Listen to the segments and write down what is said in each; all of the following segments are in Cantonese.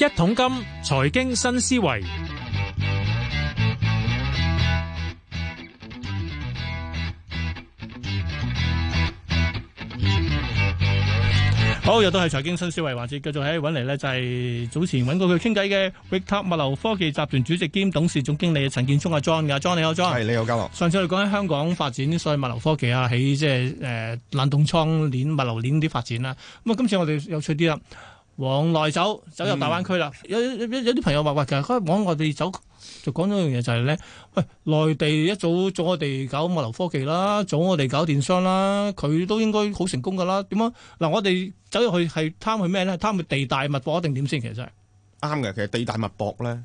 一桶金財經新思維，好，又都係財經新思維環節，繼續喺度揾嚟呢，就係、是、早前揾過佢傾偈嘅 Victop 物流科技集團主席兼董事總經理陳建中阿、啊、John，阿 John 你好，John 係你好，嘉樂。上次我哋講喺香港發展所謂物流科技啊，喺即係誒冷凍倉鏈、物流鏈啲發展啦。咁啊，今次我哋有趣啲啦。往內走，走入大灣區啦、嗯。有有啲朋友話，喂，其實佢往外地走，就講咗一樣嘢、就是，就係咧，喂，內地一早早我哋搞物流科技啦，早我哋搞電商啦，佢都應該好成功噶啦。點樣？嗱，我哋走入去係貪佢咩咧？貪佢地大物博定點先？其實係啱嘅，其實地大物博咧。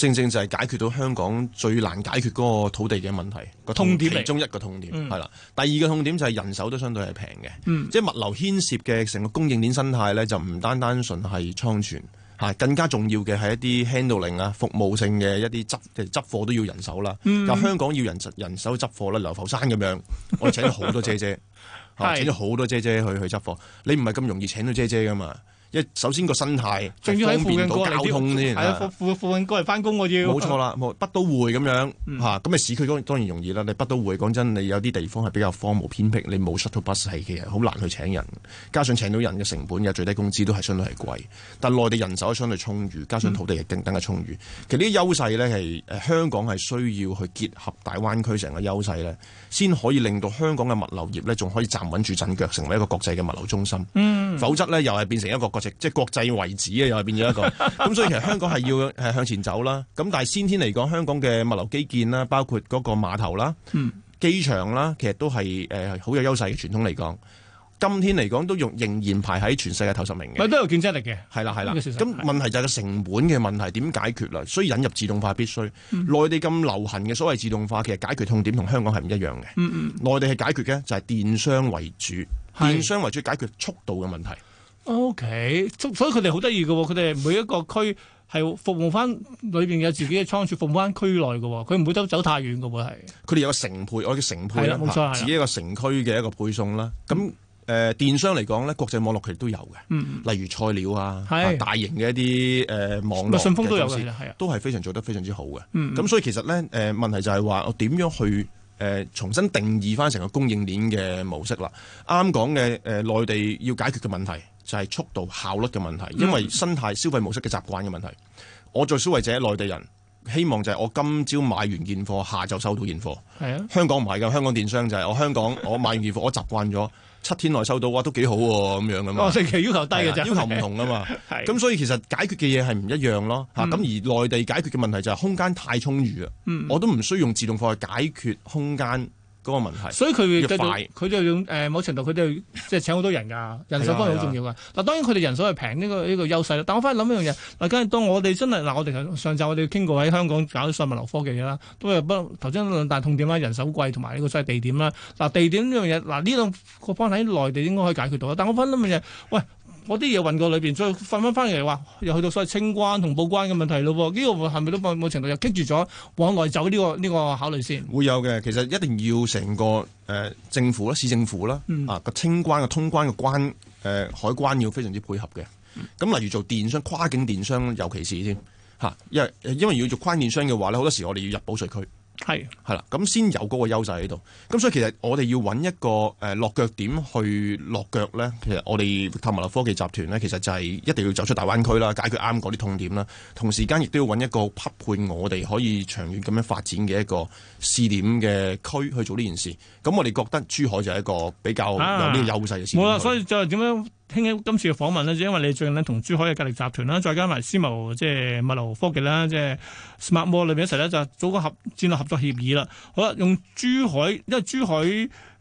正正就係解決到香港最難解決嗰個土地嘅問題個痛點，其中一個痛點係啦、嗯。第二個痛點就係人手都相對係平嘅，即係物流牽涉嘅成個供應鏈生態咧，就唔單單純係倉存嚇、嗯，更加重要嘅係一啲 handling 啊，服務性嘅一啲執執貨都要人手啦。但、嗯、香港要人人手執貨咧，流浮山咁樣，我哋請咗好多姐姐， 啊、請咗好多姐姐去去執貨，你唔係咁容易請到姐姐噶嘛？一首先個生態，仲要係附近交通啲，係、嗯、啊，附附附近過嚟翻工，我要冇錯啦，北都會咁樣嚇，咁啊市區當然容易啦。你北都會講真，你有啲地方係比較荒蕪偏僻，你冇 shuttle bus 係好難去請人，加上請到人嘅成本嘅最低工資都係相對係貴。但係內地人手相對充裕，加上土地係競爭嘅充裕，其實呢啲優勢咧係香港係需要去結合大灣區成個優勢咧，先可以令到香港嘅物流業咧仲可以站穩住陣腳，成為一個國際嘅物流中心。嗯、否則咧又係變成一個個。即係國際位置啊，又係變咗一個。咁 所以其實香港係要係向前走啦。咁但係先天嚟講，香港嘅物流基建啦，包括嗰個碼頭啦、嗯、機場啦，其實都係誒、呃、好有優勢嘅。傳統嚟講，今天嚟講都用仍然排喺全世界頭十名嘅，都有競爭力嘅。係啦，係啦。咁、那個、問題就係個成本嘅問題點解決啦？所以引入自動化必須。嗯、內地咁流行嘅所謂自動化，其實解決痛點同香港係唔一樣嘅。嗯，嗯，內地係解決嘅就係、是、電商為主，電商為主解決速度嘅問題。O.K.，所以佢哋好得意嘅。佢哋每一個區係服務翻裏邊有自己嘅倉儲，服務翻區內嘅。佢唔會都走太遠嘅。係佢哋有個城配，我叫城配啦，冇錯，自己一個城區嘅一個配送啦。咁、嗯、誒、呃，電商嚟講咧，國際網絡其實都有嘅、嗯。例如菜鳥啊，的大型嘅一啲誒、呃、網絡，順豐都有係都係非常做得非常之好嘅。咁、嗯、所以其實咧誒、呃、問題就係話我點樣去誒、呃、重新定義翻成個供應鏈嘅模式啦？啱講嘅誒，內地要解決嘅問題。就係、是、速度效率嘅問題，因為生態消費模式嘅習慣嘅問題。嗯、我做消費者，內地人希望就係我今朝買完現貨，下晝收到現貨。啊，香港唔係㗎，香港電商就係我香港， 我買完現貨，我習慣咗七天內收到，哇，都幾好喎、啊、咁樣㗎嘛。我時期要求低嘅、啊就是、要求唔同啊嘛。咁 所以其實解決嘅嘢係唔一樣咯。咁、嗯、而內地解決嘅問題就係空間太充裕啊、嗯。我都唔需要用自動貨去解決空間。嗰、那個問題所以佢佢就用誒、呃、某程度佢哋即係請好多人㗎、 這個這個，人手當然好重要㗎。嗱當然佢哋人手係平呢個呢個優勢啦。但我返去諗一樣嘢，嗱，當我哋真係嗱，我哋上上集我哋傾過喺香港搞啲信物流科技啦，都係不過頭先兩大痛點啦，人手貴同埋呢個所謂地點啦。嗱地點呢樣嘢，嗱呢兩個方喺內地應該可以解決到啦。但我返諗一樣嘢，喂。我啲嘢混過裏面，再返翻翻嚟話又去到所謂清關同報關嘅問題咯。呢、這個係咪都冇程度又棘住咗往內走呢、這個呢、這個考慮先？會有嘅，其實一定要成個、呃、政府啦、市政府啦、嗯、啊清關嘅通關嘅關、呃、海關要非常之配合嘅。咁、嗯啊、例如做電商跨境電商，尤其是添、啊、因為因為要做跨電電商嘅話咧，好多時我哋要入保稅區。係係啦，咁先有嗰個優勢喺度。咁所以其實我哋要揾一個誒、呃、落腳點去落腳咧。其實我哋域塔物流科技集團咧，其實就係一定要走出大灣區啦，解決啱嗰啲痛點啦。同時間亦都要揾一個匹配我哋可以長遠咁樣發展嘅一個試點嘅區去做呢件事。咁我哋覺得珠海就係一個比較有呢個優勢嘅。冇、啊、啦、啊啊，所以就係點樣？傾緊今次嘅訪問咧，就因為你最近咧同珠海嘅格力集團啦，再加埋思謀即係物流科技啦，即係 SmartMore 裏邊一齊咧，就組個合戰略合作協議啦。好啦，用珠海，因為珠海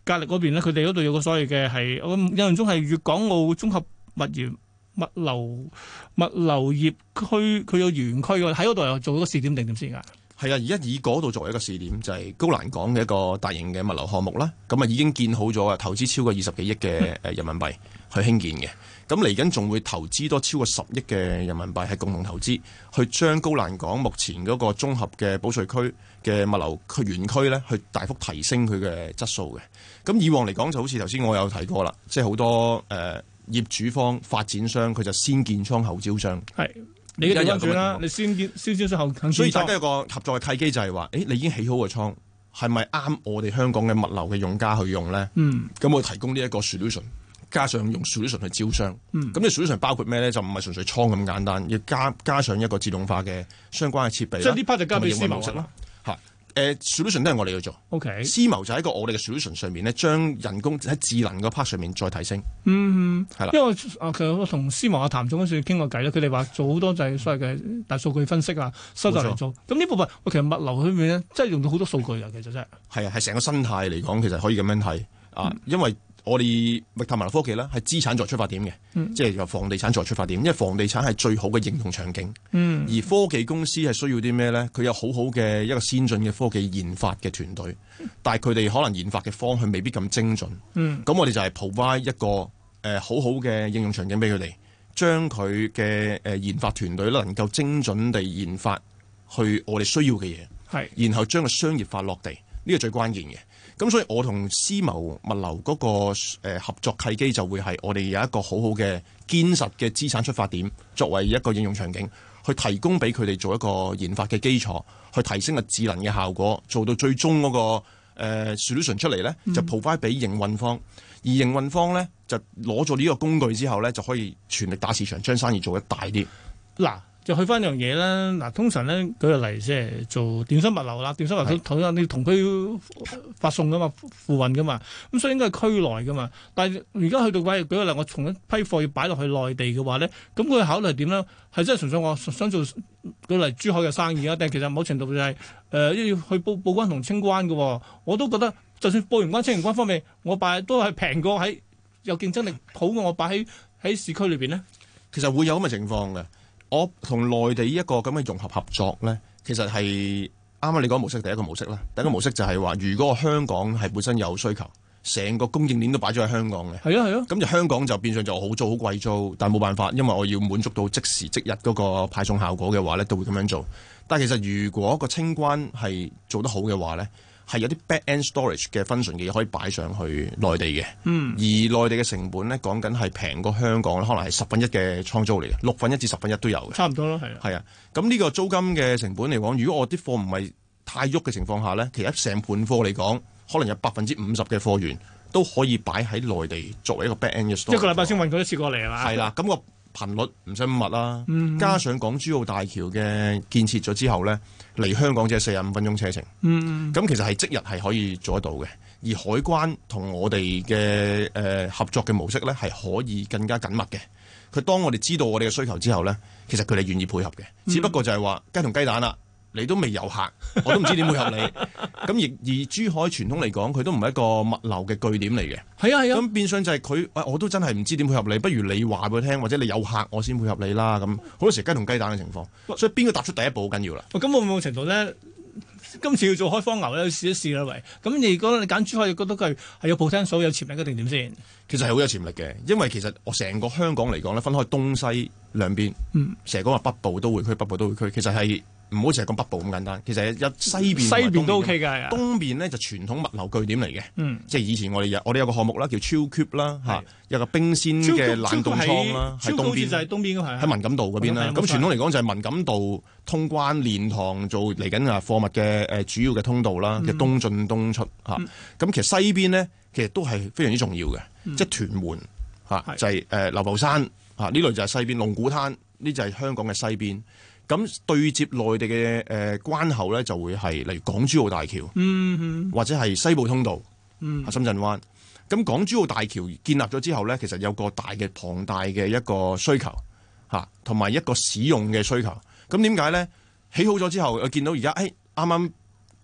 格力嗰邊咧，佢哋嗰度有個所謂嘅係，我印象中係粵港澳綜合物業物流物流業區，佢有園區喺嗰度又做咗個試點定點先噶。係啊，而家以嗰度作為一個試點，就係、是、高欄港嘅一個大型嘅物流項目啦。咁啊，已經建好咗啊，投資超過二十幾億嘅誒人民幣去興建嘅。咁嚟緊仲會投資多超過十億嘅人民幣係共同投資，去將高欄港目前嗰個綜合嘅保稅區嘅物流區園區咧，去大幅提升佢嘅質素嘅。咁以往嚟講就好似頭先我有睇過啦，即係好多誒、呃、業主方發展商，佢就先建倉後招商。係。你跟跟住啦，你先先先後。先先所以大家有一個合作嘅契機就，就係話，誒，你已經起好個倉，係咪啱我哋香港嘅物流嘅用家去用咧？嗯，咁我提供呢一個 solution，加上用 solution 去招商。嗯，咁呢 solution 包括咩咧？就唔係純粹倉咁簡單，要加加上一個自動化嘅相關嘅設備啦。咁樣嘅模式。誒 solution 都係我哋去做，OK。思謀就喺個我哋嘅 solution 上面咧，將人工喺智能個 part 上面再提升。嗯，係、嗯、啦，因為啊，其實同思謀阿譚總嗰時傾過偈啦，佢哋話做好多就係所謂嘅大數據分析啊，收集嚟做。咁呢部分，我其實物流裏面呢，真係用到好多數據啊，其實真係。係啊，係成個生態嚟講，其實可以咁樣睇啊，因為。我哋咪談埋科技啦，係資產作出發點嘅、嗯，即係由房地產作出發點，因為房地產係最好嘅應用場景。嗯，而科技公司係需要啲咩咧？佢有好好嘅一個先進嘅科技研發嘅團隊，但係佢哋可能研發嘅方向未必咁精準。嗯，咁我哋就係 provide 一個誒好好嘅應用場景俾佢哋，將佢嘅誒研發團隊能夠精準地研發，去我哋需要嘅嘢，係，然後將個商業化落地，呢、這個最關鍵嘅。咁所以，我同思謀物流嗰、那個、呃、合作契機，就會係我哋有一個好好嘅堅實嘅資產出發點，作為一個應用場景，去提供俾佢哋做一個研發嘅基礎，去提升個智能嘅效果，做到最終嗰、那個、呃、solution 出嚟咧、嗯，就 provide 俾營運方，而營運方咧就攞咗呢個工具之後咧，就可以全力打市場，將生意做得大一大啲。嗱。又去翻樣嘢啦。嗱通常咧舉個例，即係做電商物流啦，電商物流，睇下你同區發送噶嘛，付運噶嘛，咁所以應該係區內噶嘛。但係而家去到鬼，舉個例，我從一批貨要擺落去內地嘅話咧，咁佢考慮係點呢？係真係純粹我想做到嚟珠海嘅生意啊？定係其實某程度就係、是、誒、呃，要去報報關同清關嘅喎、啊？我都覺得，就算報完關清完關,關方面，我擺都係平過喺有競爭力好過我擺喺喺市區裏邊呢？其實會有咁嘅情況嘅。我同內地呢一個咁嘅融合合作呢，其實係啱啱你講模式第一個模式啦。第一個模式就係話，如果香港係本身有需求，成個供應鏈都擺咗喺香港嘅，係啊係啊，咁、啊、就香港就變相就好租好貴租，但係冇辦法，因為我要滿足到即時即日嗰個派送效果嘅話呢都會咁樣做。但係其實如果個清關係做得好嘅話呢。係有啲 back end storage 嘅 function 嘅嘢可以擺上去內地嘅、嗯，而內地嘅成本咧，講緊係平過香港可能係十分一嘅倉租嚟嘅，六分一至十分一都有嘅。差唔多咯，係啊。係啊，咁呢個租金嘅成本嚟講，如果我啲貨唔係太喐嘅情況下咧，其實成盤貨嚟講，可能有百分之五十嘅貨源都可以擺喺內地作為一個 back end storage。一個禮拜先運佢一次過嚟啊！係啦，咁、那、我、個。頻率唔使咁密啦，加上港珠澳大橋嘅建設咗之後呢，嚟香港只係四十五分鐘車程，咁其實係即日係可以做得到嘅。而海關同我哋嘅誒合作嘅模式呢，係可以更加緊密嘅。佢當我哋知道我哋嘅需求之後呢，其實佢哋願意配合嘅，只不過就係話雞同雞蛋啦。你都未有客，我都唔知點配合你。咁 亦而珠海傳統嚟講，佢都唔係一個物流嘅據點嚟嘅。係啊係啊。咁變相就係佢，哎，我都真係唔知點配合你。不如你話俾佢聽，或者你有客，我先配合你啦。咁好多時雞同雞蛋嘅情況，所以邊個踏出第一步好緊要啦。咁有冇程度咧？今次要做開荒牛咧，試一試啦，啊，喂。咁如果你揀珠海，你覺得佢係有 potential 有潛力嘅定點先？其實係好有潛力嘅，因為其實我成個香港嚟講咧，分開東西兩邊。嗯。成日講話北部都會區，北部都會區，其實係。唔好淨係講北部咁簡單，其實有西邊、西邊都 OK 嘅，東邊咧就傳統物流據點嚟嘅，嗯、即係以前我哋有我哋有個項目啦，叫 Chill Cube 啦，有個冰鮮嘅冷凍倉啦，Chill Cube 好似就係東邊嘅喺文錦道嗰邊啦。咁傳統嚟講就係文錦道通關蓮塘做嚟緊啊貨物嘅主要嘅通道啦嘅、嗯、東進東出咁、嗯、其實西邊咧，其實都係非常之重要嘅，嗯、即係屯門就係誒流浮山呢類就係西邊龍鼓灘呢就係香港嘅西邊。咁對接內地嘅誒關口咧，就會係例如港珠澳大橋，或者係西部通道啊深圳灣。咁港珠澳大橋建立咗之後咧，其實有個大嘅龐大嘅一個需求吓同埋一個使用嘅需求。咁點解咧？起好咗之後，我見到而家誒啱啱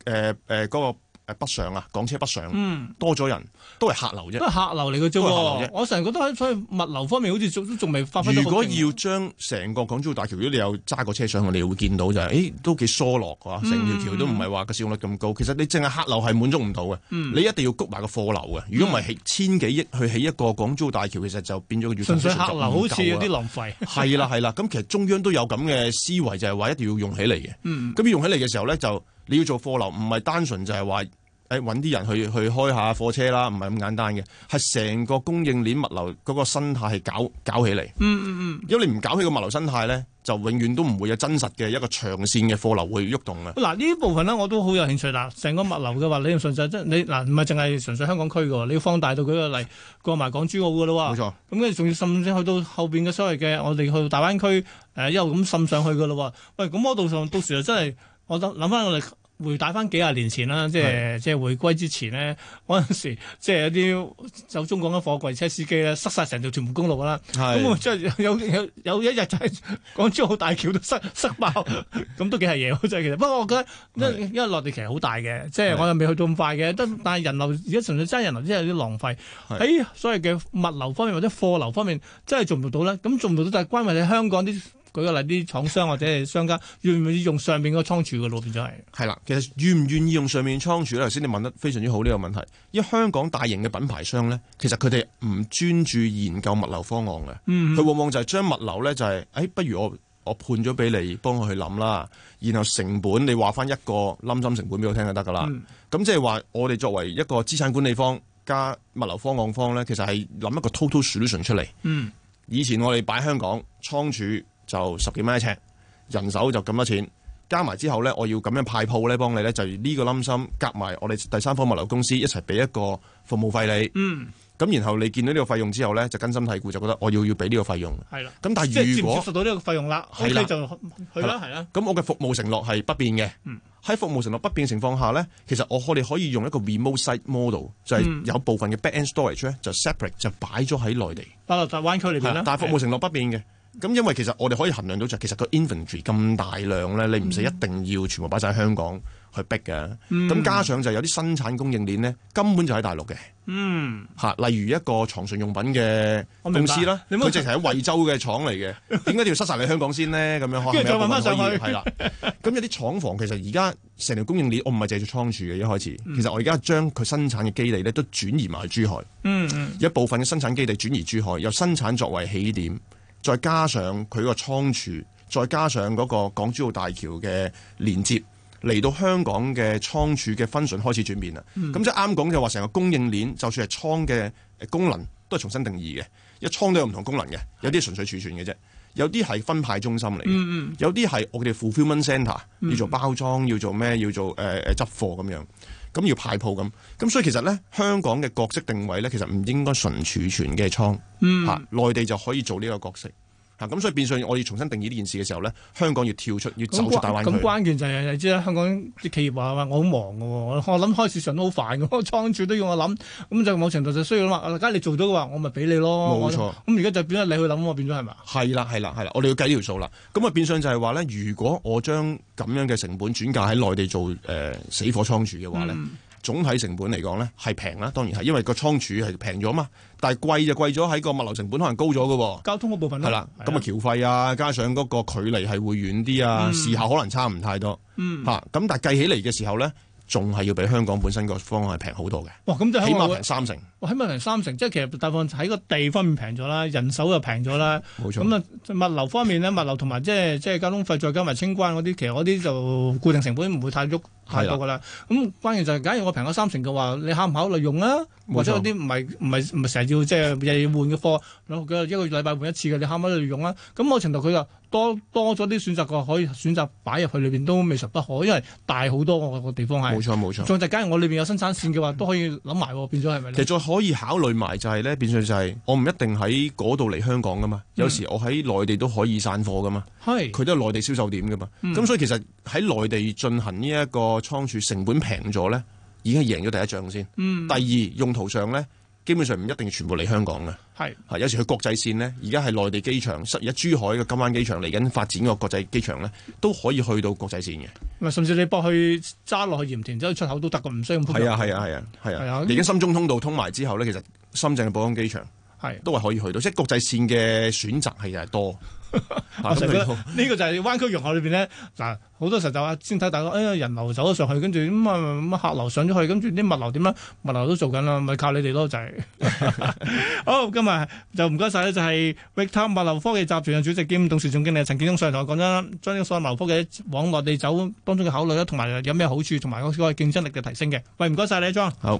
誒誒嗰個。誒，北上啊，港車北上，嗯、多咗人，都係客流啫，都係客流嚟嘅啫。我成日覺得所以物流方面，好似仲都仲未發揮。如果要將成個港珠澳大橋，如果你有揸過車上去，你會見到就係、是，誒、欸，都幾疏落吓，成條橋都唔係話個使用率咁高。其實你淨係客流係滿足唔到嘅，你一定要谷埋個貨流嘅。如果唔係，千幾億去起一個港珠澳大橋，其實就變咗純粹客流，好似有啲浪費。係啦係啦，咁 其實中央都有咁嘅思維，就係、是、話一定要用起嚟嘅。咁、嗯、用起嚟嘅時候咧，就你要做貨流，唔係單純就係話，誒揾啲人去去開一下貨車啦，唔係咁簡單嘅，係成個供應鏈物流嗰個生態係搞搞起嚟。嗯嗯嗯，如果你唔搞起個物流生態咧，就永遠都唔會有真實嘅一個長線嘅貨流會喐動嘅。嗱，呢部分咧我都好有興趣啦。成個物流嘅話，你唔純粹即係你嗱，唔係淨係純粹香港區嘅喎，你要放大到舉個例過埋港珠澳嘅咯喎。冇錯。咁跟住仲要甚至去到後邊嘅所謂嘅，我哋去到大灣區誒、呃、又咁滲上去嘅咯喎。喂，咁坡上到時又真係～我諗諗翻我哋回帶翻幾廿年前啦，即係即係回歸之前呢，嗰陣時即係有啲走中國嘅貨櫃車司機咧塞晒成條全部公路啦，咁即係有有有一日就係港珠澳大橋都塞塞爆，咁 都幾係嘢嘅真係，不過我覺得因因為內地其實好大嘅，即係、就是、我又未去到咁快嘅，但係人流而家純粹真係人流真係、就是、有啲浪費喺所謂嘅物流方面或者貨流方面真係做唔到啦，咁做唔到但係關係你香港啲。舉個例，啲廠商或者係商家願唔願意用上面個倉儲嘅路變就係？係啦，其實願唔願意用上面倉儲，頭先你問得非常之好呢個問題。因為香港大型嘅品牌商咧，其實佢哋唔專注研究物流方案嘅，佢、嗯、往往就係將物流咧就係、是、誒、哎，不如我我判咗俾你，幫我去諗啦。然後成本，你話返一個冧心成本俾我聽就得噶啦。咁即係話，我哋作為一個資產管理方加物流方案方咧，其實係諗一個 total solution 出嚟。嗯，以前我哋擺香港倉儲。倉儲就十幾蚊一尺，人手就咁多錢，加埋之後咧，我要咁樣派鋪咧，幫你咧就呢個擔心，夾埋我哋第三方物流公司一齊俾一個服務費你。嗯，咁然後你見到呢個費用之後咧，就根深蒂固，就覺得我要要俾呢個費用。係啦，咁但係即係接受到呢個費用啦，咁你就去啦，係啦。咁我嘅服務承諾係不變嘅。嗯，喺服務承諾不變嘅情況下咧，其實我我哋可以用一個 remote site model，就係有部分嘅 back end storage 咧，就 separate 就擺咗喺內地。啊，大灣區裏邊咧，但服務承諾不變嘅。咁，因為其實我哋可以衡量到就其實個 inventory 咁大量咧，你唔使一定要全部擺晒香港去逼嘅。咁、嗯、加上就有啲生產供應鏈咧，根本就喺大陸嘅。嗯，例如一個床上用品嘅公司啦，佢淨係喺惠州嘅廠嚟嘅，點解要塞晒你香港先呢？咁 樣跟住再翻上去係啦。咁 有啲廠房其實而家成條供應鏈，我唔係凈作倉儲嘅一開始。其實我而家將佢生產嘅基地咧都轉移埋珠海。嗯，一部分嘅生產基地轉移珠海，由生產作為起點。再加上佢個倉儲，再加上嗰個港珠澳大橋嘅連接，嚟到香港嘅倉儲嘅 function 開始轉變啦。咁、嗯、即係啱講就話成個供應鏈，就算係倉嘅功能都係重新定義嘅。一倉都有唔同嘅功能嘅，有啲純純粹儲存嘅啫，有啲係分派中心嚟。嗯嗯，有啲係我哋 fulfilment centre，要做包裝，要做咩？要做、呃、執貨咁樣。咁要派鋪咁，咁所以其實咧，香港嘅角色定位咧，其實唔應該純儲存嘅倉，嚇、嗯，內地就可以做呢個角色。咁、嗯、所以變相我要重新定義呢件事嘅時候咧，香港要跳出，要走出大灣區。咁關，關鍵就係、是、你知啦，香港啲企業話：我好忙㗎喎，我諗開設順都好煩嘅，倉儲都要我諗。咁就某程度就需要嘛。梗係你做到嘅話，我咪俾你咯。冇錯。咁而家就變咗你去諗，我變咗係咪？係啦，係啦，係啦，我哋要計呢條數啦。咁啊變相就係話咧，如果我將咁樣嘅成本轉嫁喺內地做、呃、死火倉儲嘅話咧。嗯總體成本嚟講咧，係平啦，當然係，因為個倉儲係平咗嘛。但係貴就貴咗喺個物流成本可能高咗嘅，交通嗰部分呢，係啦，咁啊橋費啊，加上嗰個距離係會遠啲啊，時、嗯、效可能差唔太多，咁、嗯啊、但係計起嚟嘅時候咧，仲係要比香港本身個方案係平好多嘅。哇、哦！咁就係起碼平三成、哦，起碼平三成，即係其實大況喺個地方，方面平咗啦，人手又平咗啦，冇錯。咁啊物流方面咧，物流同埋即係即係交通費，再加埋清關嗰啲，其實嗰啲就固定成本唔會太喐。太多噶啦，咁、嗯、關鍵就係、是，假如我平咗三成嘅話，你考唔考慮用啊？或者有啲唔係唔係唔係成日要即係又要換嘅貨，佢 一個禮拜換一次嘅，你考唔考慮用啊？咁、嗯、我程度佢又多多咗啲選擇，個可以選擇擺入去裏邊都未實不可，因為大好多個地方係。冇錯冇錯。再就假如我裏邊有生產線嘅話、嗯，都可以諗埋，變咗係咪其實再可以考慮埋就係、是、咧，變相就係、是、我唔一定喺嗰度嚟香港噶嘛、嗯，有時我喺內地都可以散貨噶嘛，係佢都係內地銷售點噶嘛，咁、嗯、所以其實喺內地進行呢、這、一個。個倉儲成本平咗咧，已經贏咗第一仗先、嗯。第二用途上咧，基本上唔一定要全部嚟香港嘅，係啊。有時去國際線咧，而家係內地機場，而家珠海嘅金灣機場嚟緊發展個國際機場咧，都可以去到國際線嘅。係，甚至你駁去揸落去鹽田之後出口都得嘅，唔需要。係啊係啊係啊係啊。而家、啊啊啊啊、深中通道通埋之後咧，其實深圳嘅寶安機場係都係可以去到，即係國際線嘅選擇係又係多。呢 、這個就係灣區融合裏邊呢。嗱，好多時候就話先睇，大家誒、哎、人流走咗上去，跟住咁啊咁客流上咗去，跟住啲物流點咧？物流都做緊啦，咪、就是、靠你哋咯。就係、是、 好，今日就唔該晒呢，就係域塔物流科技集團嘅主席兼董事總經理陳建中上台講真啦，將呢個物流科技往內地走當中嘅考慮啦，同埋有咩好處，同埋嗰個競爭力嘅提升嘅。喂，唔該晒你莊。好。